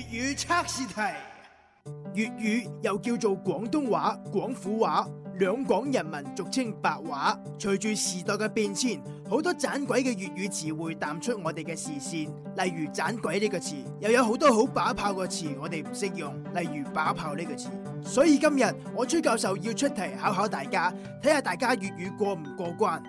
粵語測試題，粵語又叫做廣東話、廣府話，兩廣人民俗稱白話。隨住時代嘅變遷，好多盞鬼嘅粵語詞彙淡出我哋嘅視線，例如盞鬼呢個詞，又有好多好把炮嘅詞，我哋唔識用，例如把炮呢個詞。所以今日我崔教授要出題考考大家，睇下大家粵語過唔過關。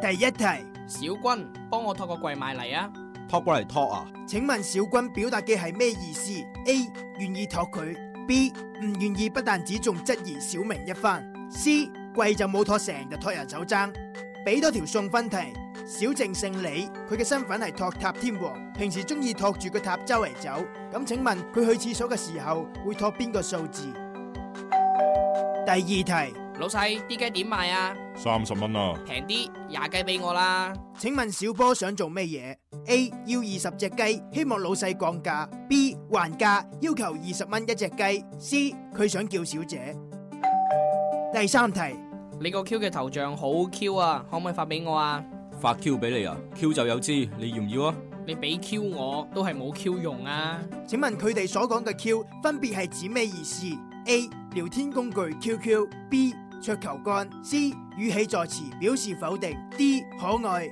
第一題，小君，小軍，幫我托個櫃埋嚟啊！托過嚟托啊！請問小軍表達嘅係咩意思？A 願意托佢，B 唔願意不但只仲質疑小明一番 C. 貴。C 貴就冇托成，日托人走踭。俾多條送分題，小靜姓李，佢嘅身份係托塔天王，平時中意托住個塔周圍走。咁請問佢去廁所嘅時候會托邊個數字？第二題。老細，啲雞點賣啊？三十蚊啊！平啲，廿雞俾我啦。請問小波想做咩嘢？A 要二十隻雞，希望老細降價。B 還價，要求二十蚊一隻雞。C 佢想叫小姐。第三題，你個 Q 嘅頭像好 Q 啊，可唔可以發俾我啊？發 Q 俾你啊，Q 就有支，你要唔要啊？你俾 Q 我都係冇 Q 用啊。請問佢哋所講嘅 Q 分別係指咩意思？A 聊天工具 QQ。B 桌球杆。C 語氣助詞表示否定。D 可愛。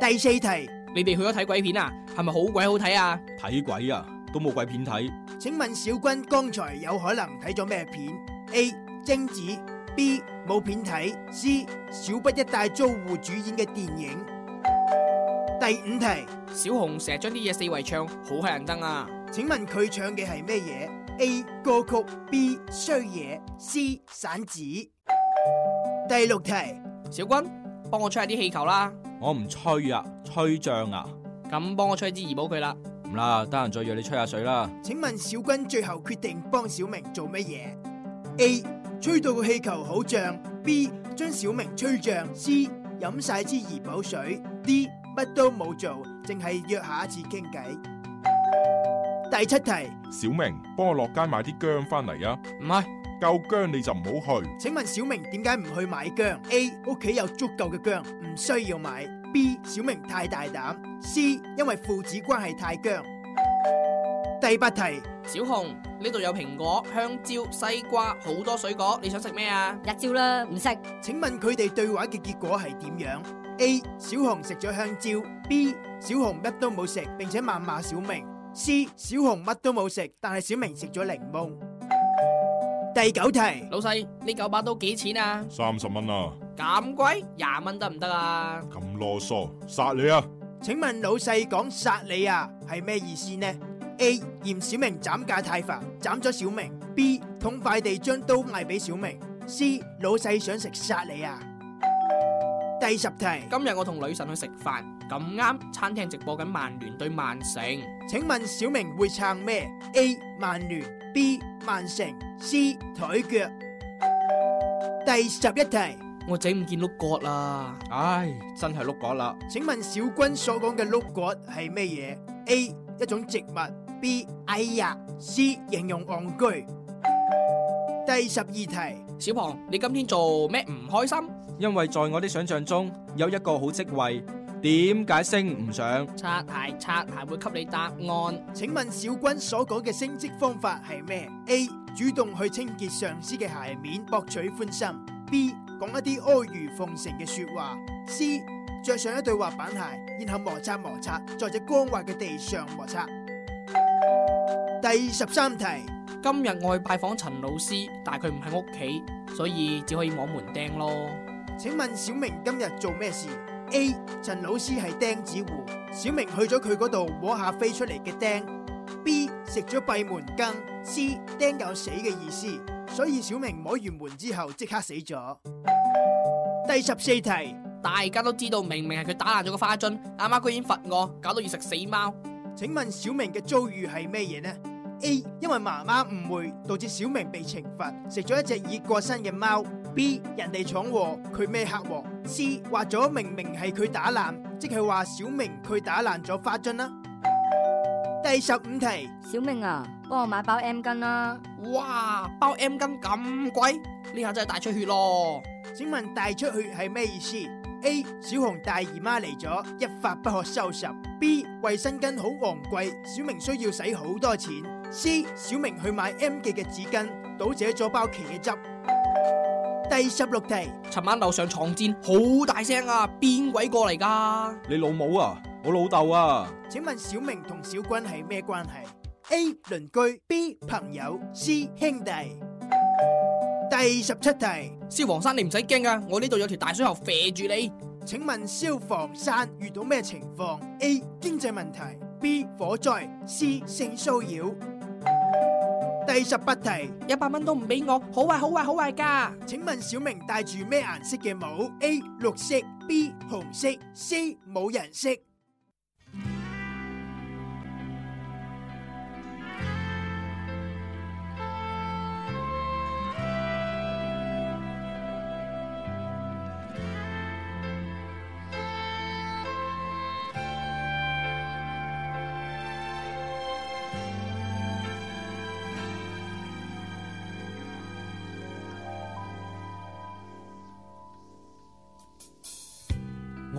第四題，你哋去咗睇鬼片啊？係咪好鬼好睇啊？睇鬼啊，都冇鬼片睇。請問小軍剛才有可能睇咗咩片？A 貞子。B 冇片睇。C 小不一帶租戶主演嘅電影。第五題，小紅成日將啲嘢四圍唱，好乞人憎啊。請問佢唱嘅係咩嘢？A 歌曲，B 衰嘢，C 散紙。第六題，小君，幫我吹下啲氣球啦，我唔吹啊，吹脹啊，咁幫我吹支怡寶佢啦，唔啦，得閒再約你吹下水啦。請問小君最後決定幫小明做乜嘢？A 吹到個氣球好脹，B 將小明吹脹，C 飲晒支怡寶水，D 乜都冇做，淨係約下一次傾偈。第七題，小明，幫我落街買啲薑翻嚟啊！唔係，夠薑你就唔好去。請問小明點解唔去買薑？A 屋企有足夠嘅薑，唔需要買。B 小明太大膽。C 因為父子關係太僵。第八題，小紅呢度有蘋果、香蕉、西瓜，好多水果，你想食咩啊？日蕉啦，唔食。請問佢哋對話嘅結果係點樣？A 小紅食咗香蕉。B 小紅乜都冇食，並且謾罵小明。C 小紅乜都冇食，但係小明食咗檸檬。第九題，老細呢九把刀幾錢啊？三十蚊啊！咁貴，廿蚊得唔得啊？咁囉嗦，殺你啊！請問老細講殺你啊係咩意思呢？A 嫌小明斬價太浮，斬咗小明。B 捅塊地將刀賣俾小明。C 老細想食殺你啊！第十題，今日我同女神去食飯。咁啱餐廳直播緊曼聯對曼城，請問小明會撐咩？A. 曼聯 B. 曼城 C. 腿腳。第十一題，我整唔見碌角啦，唉，真係碌角啦。請問小軍所講嘅碌角係咩嘢？A. 一種植物 B. 哎呀 C. 形容戇居。第十二題，小鵬，你今天做咩唔開心？因為在我的想象中有一個好職位。點解升唔上？擦鞋，擦鞋會給你答案。請問小軍所講嘅升職方法係咩？A 主動去清潔上司嘅鞋面，博取歡心。B 講一啲阿諛奉承嘅說話。C 着上一對滑板鞋，然後摩擦摩擦，在只光滑嘅地上摩擦。第十三題，今日我去拜訪陳老師，但係佢唔喺屋企，所以只可以摸門釘咯。請問小明今日做咩事？A 陳老師係釘子戶，小明去咗佢嗰度摸下飛出嚟嘅釘。B 食咗閉門羹。C 釘有死嘅意思，所以小明摸完門之後即刻死咗。第十四題，大家都知道，明明係佢打爛咗個花樽，阿媽居然罰我，搞到要食死貓。請問小明嘅遭遇係咩嘢呢？A，因為媽媽誤會導致小明被懲罰，食咗一隻已過身嘅貓。B，人哋闖禍，佢咩黑鑊？C，話咗明明係佢打爛，即係話小明佢打爛咗花樽啦。第十五題，小明啊，幫我買包 M 巾啦。哇，包 M 巾咁貴，呢下真係大出血咯。請問大出血係咩意思？A，小紅大姨媽嚟咗，一發不可收拾。B，衛生巾好昂貴，小明需要使好多錢。C 小明去買 M 記嘅紙巾，倒瀉咗包茄汁。第十六題，尋晚樓上床戰好大聲啊！邊鬼過嚟噶？你老母啊！我老豆啊！請問小明同小軍係咩關係？A 鄰居，B 朋友，C 兄弟。第十七題，消防山你唔使驚啊，我呢度有條大水喉，肥住你。請問消防山遇到咩情況？A 經濟問題，B 火災，C 性騷擾。第十八題，一百蚊都唔畀我，好壞好壞好壞噶。請問小明戴住咩顏色嘅帽？A. 綠色，B. 紅色，C. 冇顏色。